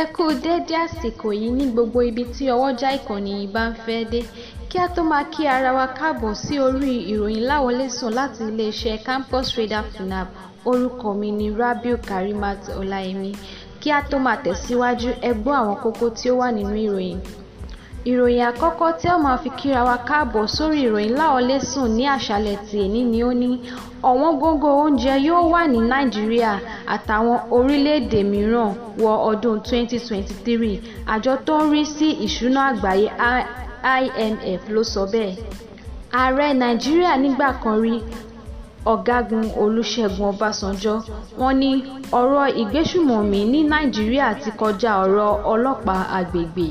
ẹ kú déédé àsìkò yìí ní gbogbo ibi tí ọwọ́jà ìkànnì yìí bá ń fẹ́ dé kí a tó máa kí ara wa káàbọ̀ sí orí ìròyìn láwọlẹ́sàn láti iléeṣẹ́ campus radar funab orúkọ mi ni rabiu karimat ọláyẹmí kí a tó máa tẹ̀síwájú ẹ gbọ́ àwọn kókó tí ó wà nínú ìròyìn. Ìròyìn àkọ́kọ́ tí ó máa fi kíra wa káàbọ̀ sórí ìròyìn láọlẹ́sùn ní àṣálẹ́ ti ni ó ní ọ̀wọ́n gógó oúnjẹ yóò wà ní Nàìjíríà àtàwọn orílẹ̀-èdè mìíràn wọ ọdún 2023 àjọ tó ń rí sí ìṣúná àgbáyé IMF ló sọ bẹ́ẹ̀. Ààrẹ Nàìjíríà nígbà kan rí Ọ̀gágun Olúṣẹ́gun Ọbásanjọ́ wọ́n ní ọ̀rọ̀ ìgbésùmọ̀mí ní Nàìjíríà ti kọjá ọ̀rọ̀ ọlọ́pàá àgbègbè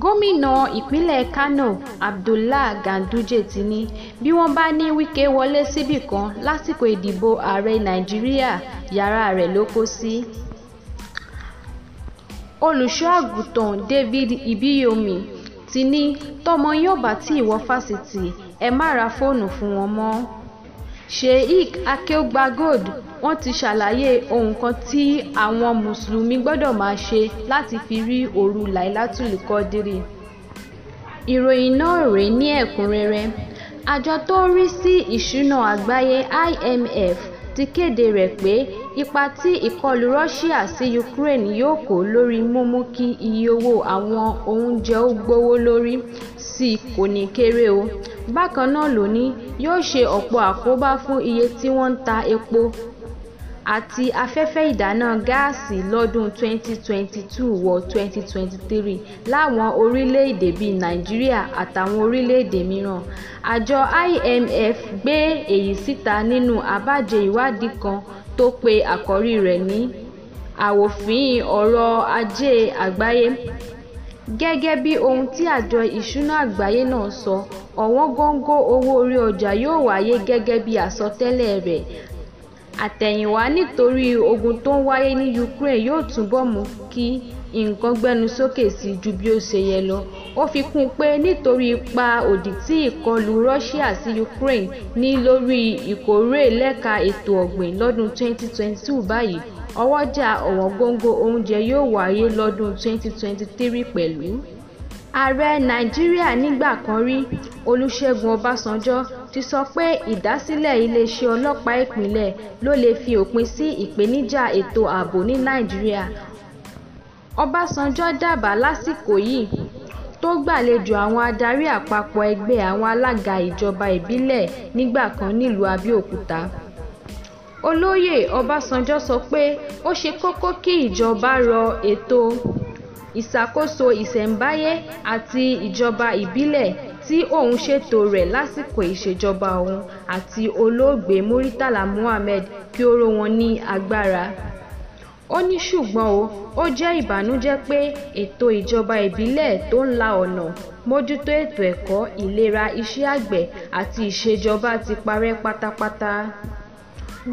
gómìnà ìpínlẹ̀ Kano Abdullah Ganduje ti ní bí wọ́n bá ní Wike wọlé síbì kan lásìkò ìdìbò ààrẹ Nàìjíríà yàrá rẹ̀ ló kó sí. olùṣọ́àgùtàn David Ibiyomi ti ní tọmọ yóò bá tí ì wọ fásitì ẹ má ra fóònù fún wọn mọ́ sheik akeugba gold wọ́n ti ṣàlàyé ohun kan tí àwọn mùsùlùmí gbọ́dọ̀ máa ṣe láti fi rí òru lailatul kọ́dírì ìròyìn náà rèé ní ẹ̀kúnrẹ́rẹ́ àjọ tó rí sí ìṣúná àgbáyé IMF ti kéde rẹ̀ pé ipa tí ìkọlù Russia sí Ukraine yóò kó lórí mímú kí iye owó àwọn oúnjẹ ó gbówó lórí sí kò ní kéré o bákan náà ló yóò ṣe ọ̀pọ̀ àkóbá fún iye tí wọ́n ń ta epo àti afẹ́fẹ́ ìdáná gáàsì lọ́dún 2022 wọ 2023 láwọn orílẹ̀-èdè bíi nàìjíríà àtàwọn orílẹ̀-èdè mìíràn àjọ imf gbé èyí síta nínú àbájẹ ìwádìí kan tó pe àkórí rẹ̀ ní àwòfín ọrọ̀ ajé àgbáyé Gẹ́gẹ́ bí ohun tí Àjọ Ìṣúná Àgbáyé náà sọ, ọ̀wọ́n gógó owó orí ọjà yóò wáyé gẹ́gẹ́ bí àsọtẹ́lẹ̀ rẹ̀ àtẹ̀yìnwá nítorí ogun tó ń wáyé ní Ukraine yóò túbọ̀ mú kí nǹkan gbénú sókè sí ju bí ó ṣe yẹ lọ. Ó fi kún un pé nítorí ipa òdì tí ìkọlù Russia sí Ukraine ní lórí ìkórè lẹ́ka ètò ọ̀gbìn lọ́dún 2022 báyìí Ọwọ́jà ọ̀wọ́ngógó oúnjẹ yóò wáyé lọ́dún 2023 pẹ̀lú Ààrẹ Nàìjíríà nígbà kan rí Olúṣẹ́gun Ọbásanjọ́ ti sọ pé ìdásílẹ̀ iléeṣẹ́ ọlọ́pàá ìpínlẹ̀ ló lè fi òpin sí ìpèníjà ètò ààbò ní Nàìjíríà. Ọbásanjọ́ dábàá lásìkò yìí tó gbàlejò àwọn adarí àpapọ̀ ẹgbẹ́ àwọn alága ìjọba ìbílẹ̀ nígbà kan nílùú Abẹ́òkúta olóyè ọbásanjọ́ sọ pé ó ṣe kókó kí ìjọba rọ ètò ìṣàkóso ìṣẹ̀ǹbáyé àti ìjọba ìbílẹ̀ tí òun ṣètò rẹ̀ lásìkò ìṣèjọba òun àti olóògbé muritàlá muhammed kí ó ró wọn ní agbára ó ní ṣùgbọ́n o ó jẹ́ ìbànújẹ́ pé ètò ìjọba ìbílẹ̀ tó ń la ọ̀nà mójútó ètò ẹ̀kọ́ ìlera iṣẹ́ àgbẹ̀ àti ìṣèjọba ti parẹ́ pátápátá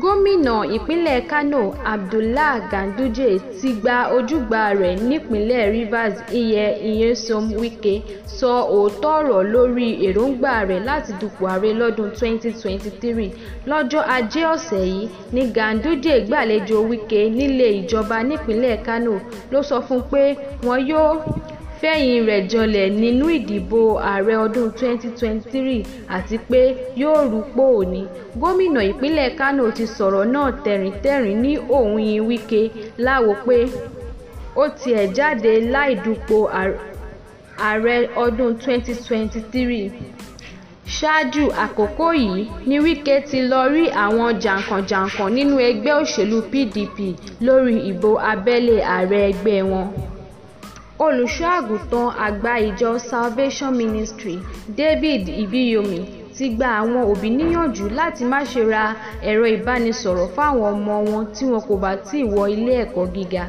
gómìnà ìpínlẹ̀ kánò abdullah ganduje ti gba ojúgbà rẹ̀ nípínlẹ̀ rivers iye nyesom wike sọ òótọ́ ọ̀rọ̀ lórí èròǹgbà rẹ̀ láti dupò ààrẹ lọ́dún 2023 lọ́jọ́ ajé ọ̀sẹ̀ yìí ní ganduje gbàlejò wike nílé ìjọba nípínlẹ̀ kánò ló sọ fún un pé wọn yóò fẹ̀yìn rẹ̀ janlẹ̀ nínú ìdìbò ààrẹ ọdún 2023 àti pé yóò rúpò ní. gómìnà ìpínlẹ̀ kánò ti sọ̀rọ̀ náà tẹ̀ríntẹ̀rín ní òun yin wike láwo pé ó tiẹ̀ jáde láì dupò ààrẹ ọdún 2023 ṣáájú àkókò yìí ni wike ti lọ rí àwọn jàǹkànjàǹkàn nínú ẹgbẹ́ òṣèlú pdp lórí ìbò abẹ́lé ààrẹ ẹgbẹ́ wọn olùṣọ́ àgùntàn àgbà ìjọ Salvation Ministry David Ibiyomi ti gba àwọn òbí níyànjú láti má ṣe ra ẹ̀rọ ìbánisọ̀rọ̀ fáwọn ọmọ wọn tí wọn kò bá tíì wọ ilé ẹ̀kọ́ gíga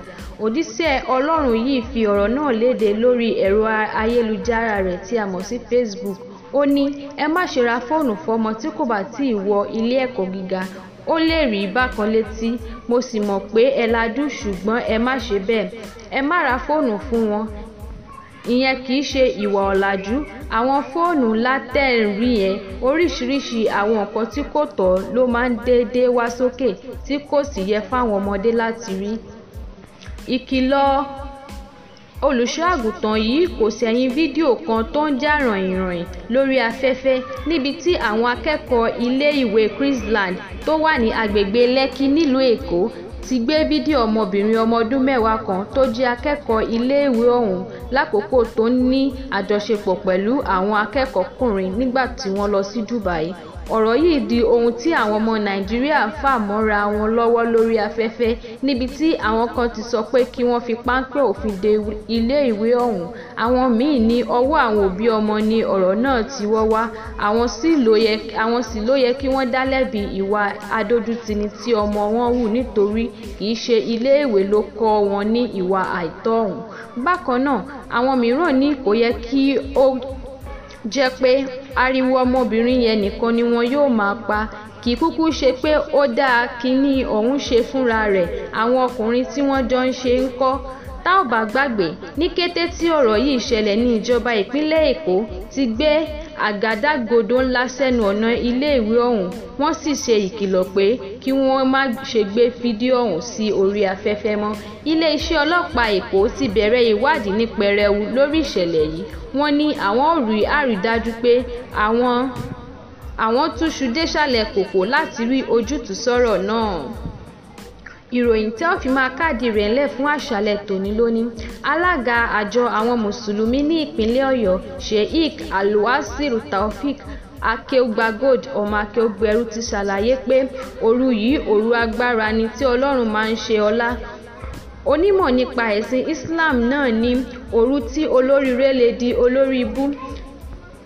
òjíṣẹ́ Ọlọ́run yìí fi ọ̀rọ̀ náà léde lórí ẹ̀rọ ayélujára rẹ̀ tí a mọ̀ sí Facebook ó ní ẹ má ṣe ra fóònù fọ́mọ tí kò bá tíì wọ ilé ẹ̀kọ́ gíga ó lè rí bákan létí mo sì mọ̀ pé ẹ lajú ṣùgbọ́n ẹ má ṣe bẹ́ẹ̀ ẹ má ra fóònù fún wọn ìyẹn kì í ṣe ìwà ọ̀làjú àwọn fóònù ńlá tẹ́ ẹ̀ ń rí yẹn oríṣiríṣi àwọn nǹkan tí kò tọ́ ló máa ń déédéé wá sókè tí kò sì yẹ fáwọn ọmọdé láti rí ìkìlọ̀ olùṣọ́àgùntàn yìí kò sẹ́yìn fídíò kan tó ń jà ràìnràìn lórí afẹ́fẹ́ níbi tí àwọn akẹ́kọ̀ọ́ ilé-ìwé Chrisland tó wà ní agbègbè Lekki nílùú Èkó ti gbé fídíò ọmọbìnrin ọmọ ọdún mẹ́wàá kan tó jẹ́ akẹ́kọ̀ọ́ iléèwé ọ̀hún lákòókò tó ń ní àjọṣepọ̀ pẹ̀lú àwọn akẹ́kọ̀ọ́kùnrin nígbà tí wọ́n lọ sí Dubai ọ̀rọ̀ yìí di ohun tí àwọn ọmọ nàìjíríà fà mọ́ra wọn lọ́wọ́ lórí afẹ́fẹ́ níbi tí àwọn kan ti sọ pé kí wọ́n fi páńpẹ́ òfin de iléèwé ọ̀hún àwọn míì ní ọwọ́ àwọn òbí ọmọ ni ọ̀rọ̀ náà ti wọ́ wá àwọn sì ló yẹ kí wọ́n dá lẹ́bi ìwà adójútini tí ọmọ wọn hù nítorí kì í ṣe iléèwé ló kọ́ wọn ní ìwà àìtọ́ ọ̀hún bákan náà àwọn mìíràn ní kò yẹ kí ó jẹ́ pé ariwo ọmọbìnrin yẹn nìkan ni wọn yóò máa pa kì í kúkú ṣe pé ó dáa kínní ọ̀hún ṣe fúnra rẹ̀ àwọn ọkùnrin tí wọ́n jọ ń ṣe ń kọ́ tá ò bá gbàgbé ní kété tí ọ̀rọ̀ yìí ṣẹlẹ̀ ní ìjọba ìpínlẹ̀ èkó ti gbé àgádágodo ńlá sẹ́nu ọ̀nà iléèwé ọ̀hún wọ́n sì ṣe ìkìlọ̀ pé kí wọ́n má ṣe gbé fídíò ọ̀hún sí orí afẹ́fẹ́ mọ́ iléeṣẹ́ ọlọ́pàá èkó ti bẹ̀rẹ̀ ìwádìí ní pẹrẹwu lórí ìṣẹ̀lẹ̀ yìí wọ́n ní àwọn ò rí àrídájú pé àwọn àwọn túṣu désàlẹ̀ kòkò láti rí ojútùú sọ́rọ̀ náà ìròyìn tí wọ́n fi máa káàdì rẹ̀ ńlẹ̀ fún àṣálẹ́ tòní lónìí alága àjọ àwọn mùsùlùmí ní ìpínlẹ̀ ọ̀yọ́ sheik alwasiru taofik akeugbagold ọmọ akeugberu ti ṣàlàyé pé òru yìí òru agbára ni tí ọlọ́run máa ń ṣe ọlá onímọ̀ nípa ẹ̀sìn islam náà ní òru tí olóríire lè di olórí ibú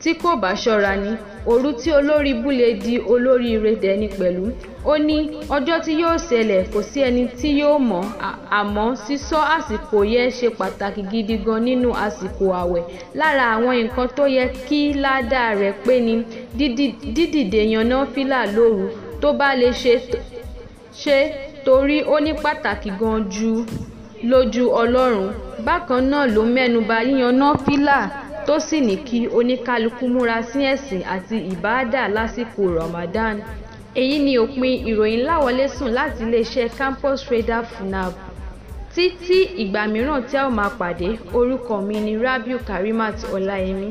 tí kò bá ṣọ́ra ní òru tí olórí ibú lè di olórí ire dẹni pẹ̀lú ó ní ọjọ́ tí yóò ṣẹlẹ̀ kò sí ẹni tí yóò mọ̀ àmọ́ sísọ àsìkò yẹ ṣe pàtàkì gidi gan nínú àsìkò ààwẹ̀ lára àwọn nǹkan tó yẹ kí ládàá rẹ̀ pé ni dídìde yanná fílà lóru tó bá lè ṣe torí ó ní pàtàkì gan jù lójú Ọlọ́run bákan náà ló mẹ́nuba yíyanná fílà tó sì ní kí oníkálukú múra sí ẹ̀sìn àti ìbáàdà lásìkò Ramadan èyí ni òpin ìròyìn láwọlésùn láti iléeṣẹ́ Campus Radar Funab títí ìgbà mìíràn tí a ó máa pàdé orúkọ mi ni Rabiu Karimat Ọláyẹmí